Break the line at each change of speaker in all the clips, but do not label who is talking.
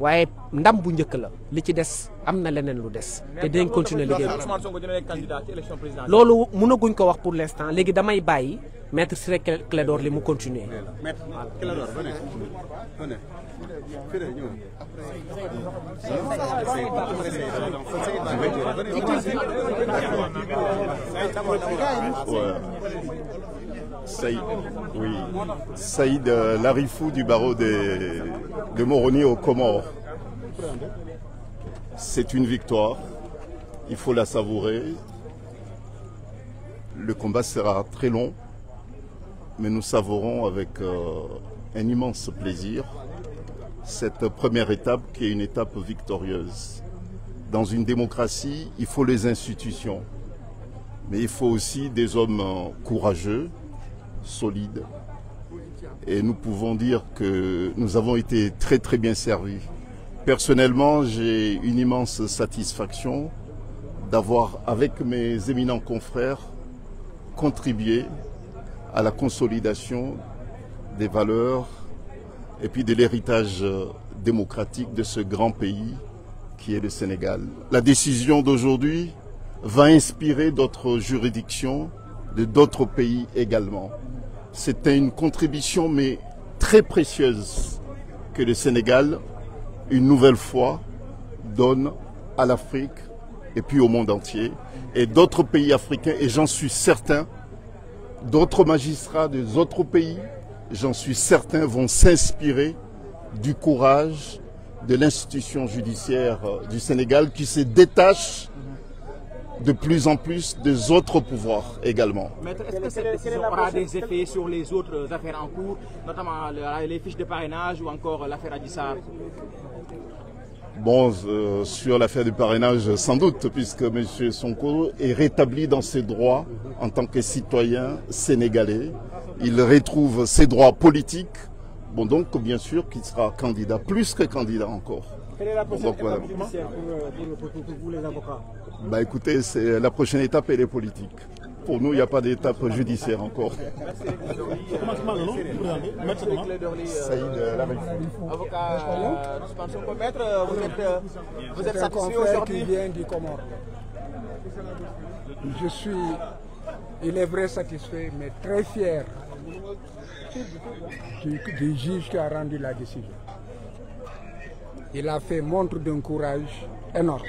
waaye ndam bu njëkk la li ci continuer liggéey pour l'instant. instant léegi damay bàyyi maître Clédor li mu
Saïd, oui. Saïd euh, Larifou du barreau de, de Moroni aux Comores. C'est une victoire. Il faut la savourer. Le combat sera très long, mais nous savourons avec euh, un immense plaisir cette première étape qui est une étape victorieuse. Dans une démocratie, il faut les institutions, mais il faut aussi des hommes euh, courageux, solides. Et nous pouvons dire que nous avons été très très bien servis. Personnellement, j'ai une immense satisfaction d'avoir, avec mes éminents confrères, contribué à la consolidation des valeurs et puis de l'héritage euh, démocratique de ce grand pays qui est le Sénégal. La décision d'aujourd'hui va inspirer d'autres juridictions de d'autres pays également. C'était une contribution mais très précieuse que le Sénégal une nouvelle fois, donne à l'Afrique et puis au monde entier. Et d'autres pays africains, et j'en suis certain, d'autres magistrats des autres pays, j'en suis certain, vont s'inspirer du courage de l'institution judiciaire euh, du Sénégal qui se détache de plus en plus des autres pouvoirs également.
Maître, est-ce que cette aura des effets sur les autres affaires en cours, notamment les fiches de parrainage ou encore l'affaire Adissar
Bon, euh, sur l'affaire du parrainage, sans doute, puisque M. Sonko est rétabli dans ses droits en tant que citoyen sénégalais. Il retrouve ses droits politiques. Bon, donc, bien sûr qu'il sera candidat, plus que candidat encore.
Quelle est la prochaine étape euh, pour, vous, les avocats
bah, Écoutez, euh, la prochaine étape, elle les politique. Pour nous, il n'y a pas d'étape judiciaire encore. Euh, avocat,
vous êtes, vous êtes satisfait aujourd'hui Je suis, il est vrai, satisfait, mais très fier du juge qui a rendu la décision il a fait montre d'un courage énorme.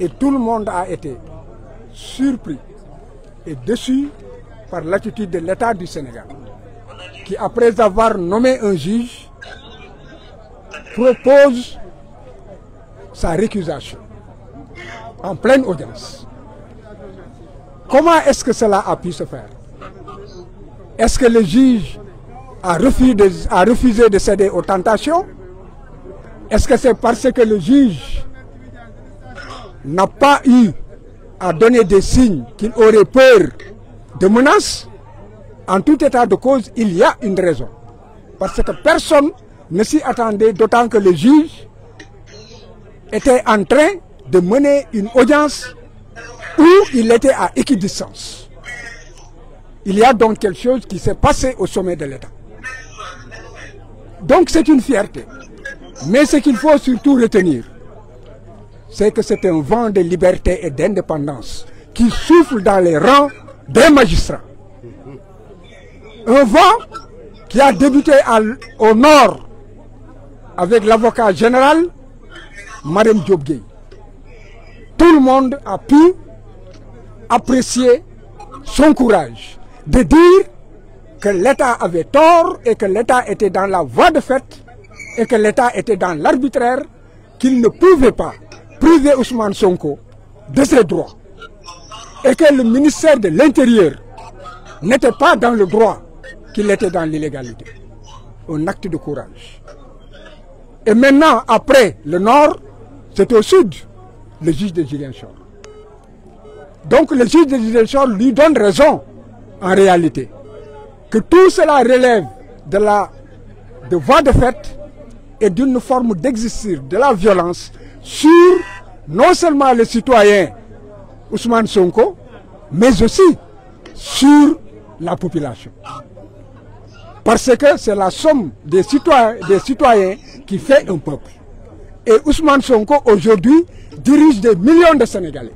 Et tout le monde a été surpris et déçu par l'attitude de l'État du Sénégal, qui après avoir nommé un juge, propose sa récusation en pleine audience. Comment est-ce que cela a pu se faire Est-ce que le juge a refusé, refusé de céder aux tentations est-ce que c'est parce que le juge n'a pas eu à donner des signes qu'il aurait peur de menaces En tout état de cause, il y a une raison. Parce que personne ne s'y attendait, d'autant que le juge était en train de mener une audience où il était à équidistance. Il y a donc quelque chose qui s'est passé au sommet de l'État. Donc c'est une fierté. Mais ce qu'il faut surtout retenir, c'est que c'est un vent de liberté et d'indépendance qui souffle dans les rangs des magistrats. Un vent qui a débuté au nord avec l'avocat général Marem Tout le monde a pu apprécier son courage de dire que l'État avait tort et que l'État était dans la voie de fait et que l'État était dans l'arbitraire, qu'il ne pouvait pas priver Ousmane Sonko de ses droits et que le ministère de l'Intérieur n'était pas dans le droit, qu'il était dans l'illégalité. Un acte de courage. Et maintenant, après le nord, c'est au sud, le juge de gilles Donc le juge de gilles lui donne raison, en réalité, que tout cela relève de la de voie de fait et d'une forme d'exercice de la violence sur non seulement les citoyens Ousmane Sonko, mais aussi sur la population. Parce que c'est la somme des citoyens, des citoyens qui fait un peuple. Et Ousmane Sonko, aujourd'hui, dirige des millions de Sénégalais.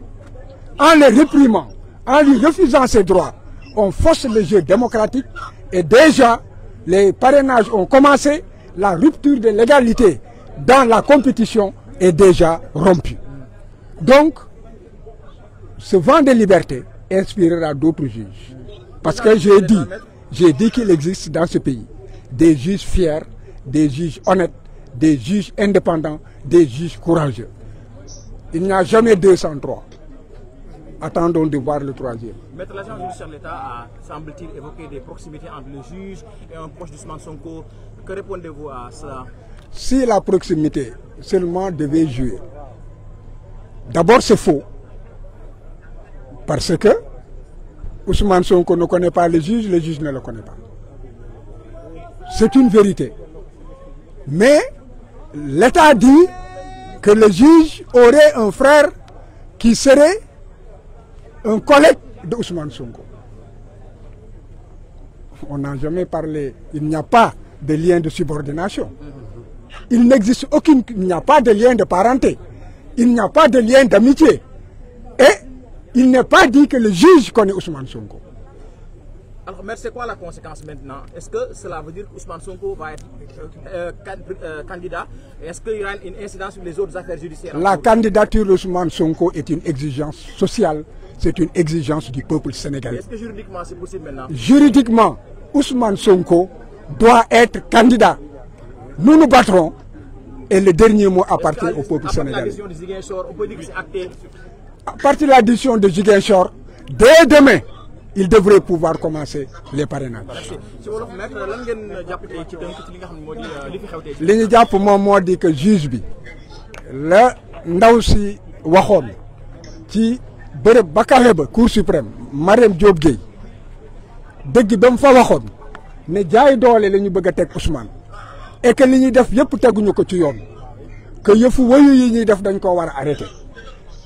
En les réprimant, en lui refusant ses droits, on force le jeu démocratique. Et déjà, les parrainages ont commencé la rupture de l'égalité dans la compétition est déjà rompue. Donc, ce vent de liberté inspirera d'autres juges.
Parce que j'ai dit,
j'ai dit qu'il existe dans ce pays des juges fiers, des juges honnêtes, des juges indépendants, des juges courageux. Il n'y a jamais trois. Attendons de voir le troisième. Maître, l'agent judiciaire de l'État a, semble-t-il, évoqué des proximités entre le juge et un proche d'Ousmane Sonko. Que répondez-vous à cela Si la proximité seulement devait jouer, d'abord c'est faux. Parce que Ousmane Sonko ne connaît pas le juge, le juge ne le connaît pas. C'est une vérité. Mais l'État dit que le juge aurait un frère qui serait un collègue de Ousmane Sonko. On n'a jamais parlé, il n'y a pas de lien de subordination. Il n'existe aucune, il n'y a pas de lien de parenté. Il n'y a pas de lien d'amitié. Et il n'est pas dit que le juge connaît Ousmane Sonko. Alors, mais c'est quoi la conséquence maintenant Est-ce que cela veut dire qu'Ousmane Sonko va être euh, euh, euh, candidat Est-ce qu'il y aura une incidence sur les autres affaires judiciaires La candidature d'Ousmane Sonko est une exigence sociale c'est une exigence du peuple sénégalais. Est-ce que juridiquement c'est possible maintenant Juridiquement, Ousmane Sonko doit être candidat. Nous nous battrons et le dernier mot appartient au peuple sénégalais. À partir de la décision de Shor, dès demain, il devrait pouvoir commencer les parrainages. li pour moi moi dit que juge le la qui bëre ba kawe ba cour suprême mariam Diop Gueye deug ba mu fa waxone né jaay doolé lañu ñu bëgg a Ousmane et que li ñuy def yépp teguñu ko ci yoon que yëfu woyu yi ñi def dañ ko wara a arrêté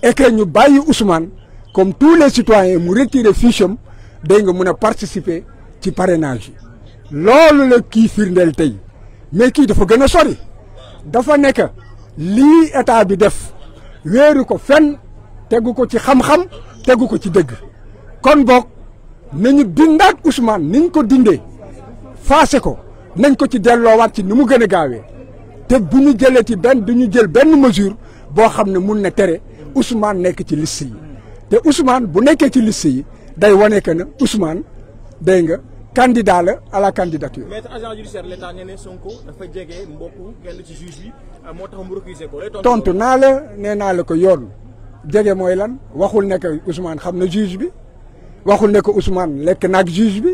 et que ñu bayyi Ousmane comme tous les citoyens mu retiré fiche am day nga mun participer ci parrainage loolu la kii firndeel tey mais kii dafa gën a sori dafa nekk lii état bi def wéeru ko fenn tegu ko ci xam-xam tegu ko ci dëgg kon boog nañu dindaat Ousmane niñ ko dindee faase ko nañ ko ci delloowaat ci ni mu gën a gaawee te bu ñu jëlee ci benn du ñu jël benn mesure boo xam ne mun na tere Ousmane nekk ci liste yi te Ousmane bu nekkee ci liste yi day wane que ne Ousmane day nga candidat la à la agent judiciaire l'État nee na Sonko dafa jege mbokk kenn ci juge moo tax mu récuser ko. tontu naa la nee naa la ko yoon. jege mooy lan waxul nekk Ousmane xam na juge bi waxul nekk Ousmane lekk naag juge bi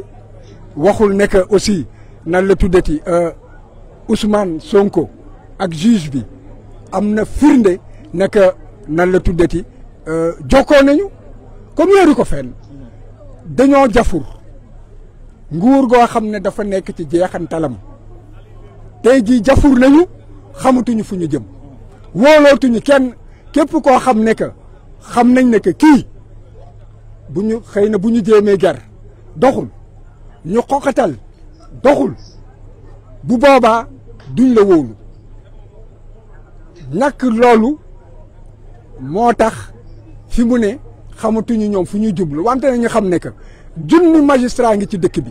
waxul nekk aussi nan la tuddati euh, Ousmane Sonko ak juge bi am na firnde nekk nan la tuddati euh, jokkoo nañu comme yooru ko fenn dañoo jafur nguur goo xam ne dafa nekk ci jeexantalam te jii jafur nañu xamatuñu fu ñu jëm wóolootuñu kenn képp koo xam ne que xam nañ ne que kii bu ñu xëy na bu ñu jéemee ger doxul ñu xoqatal doxul bu boobaa duñ la wóolu ñàkk loolu moo tax fi mu ne xamatuñu ñoom fu ñuy jublu wante na ñu xam ne que junni magistrat ngi ci dëkk bi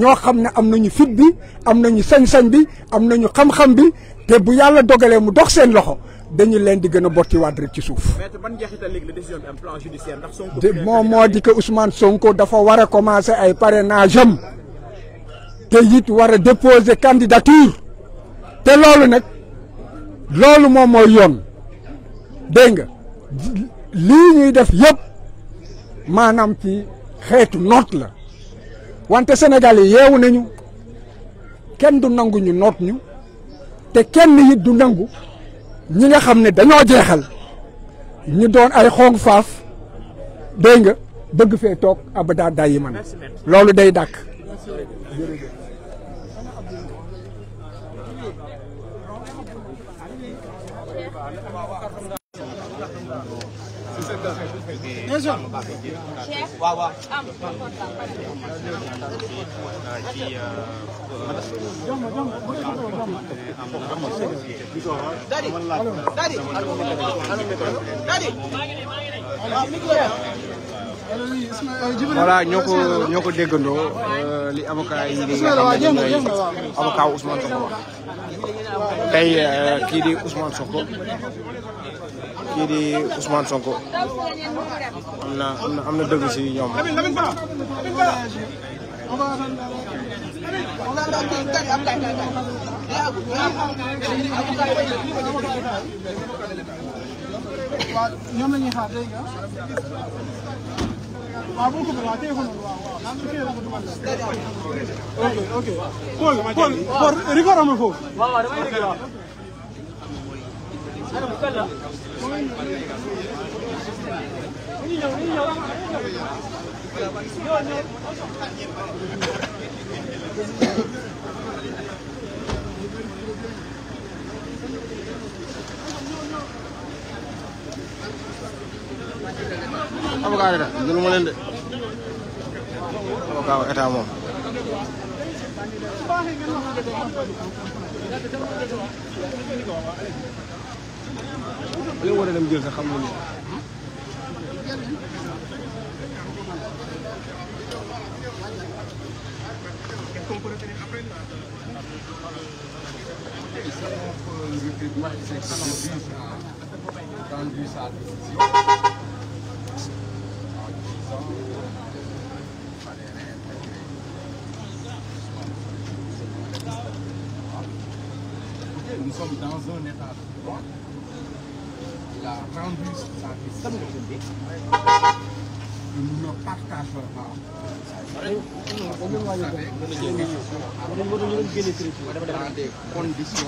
ñoo xam ne am nañu fit bi am nañu sañ-sañ bi am nañu xam-xam bi te bu yàlla dogalee mu dox seen loxo dañu leen di gën a bottiwaat rek ci suuf. maître ban njeexital léegi la décision bi am plan moom moo di que Ousmane Sonko dafa war a commencer ay parrainage am te it war a déposer candidature te loolu nag loolu moom mooy yoon dégg nga lii ñuy def yëpp maanaam ci xeetu noot la wante Sénégal yi yeewu nañu kenn du nangu ñu noot ñu te kenn it du nangu. ñi nga xam ne dañoo jeexal ñu doon ay xong faaf dégg nga bëgg fee toog abadaa day yi man loolu day dàkk question. waaw waaw. ci dadi dadi dadi ah, voilà ñoo ko ñoo ko déggandoo euh, li avocat yi di avocat Ousmane Sonko wax euh, kii di kii di Ousmane Sonko am na am na dëgg si ñoom. waaw ñoom la ñuy xaar dégg nga waaw boo ko bëggee waaw téléphone bi waaw waaw. ok ok Paul Paul Paul record amul foofu. waaw waaw damay dégg waaw. Apa yi ada?
jëluma leen de avocat état Thank you.
Nous sommes dans un état il a rendu sa communauté. Nous ne partageons pas. Dans des conditions.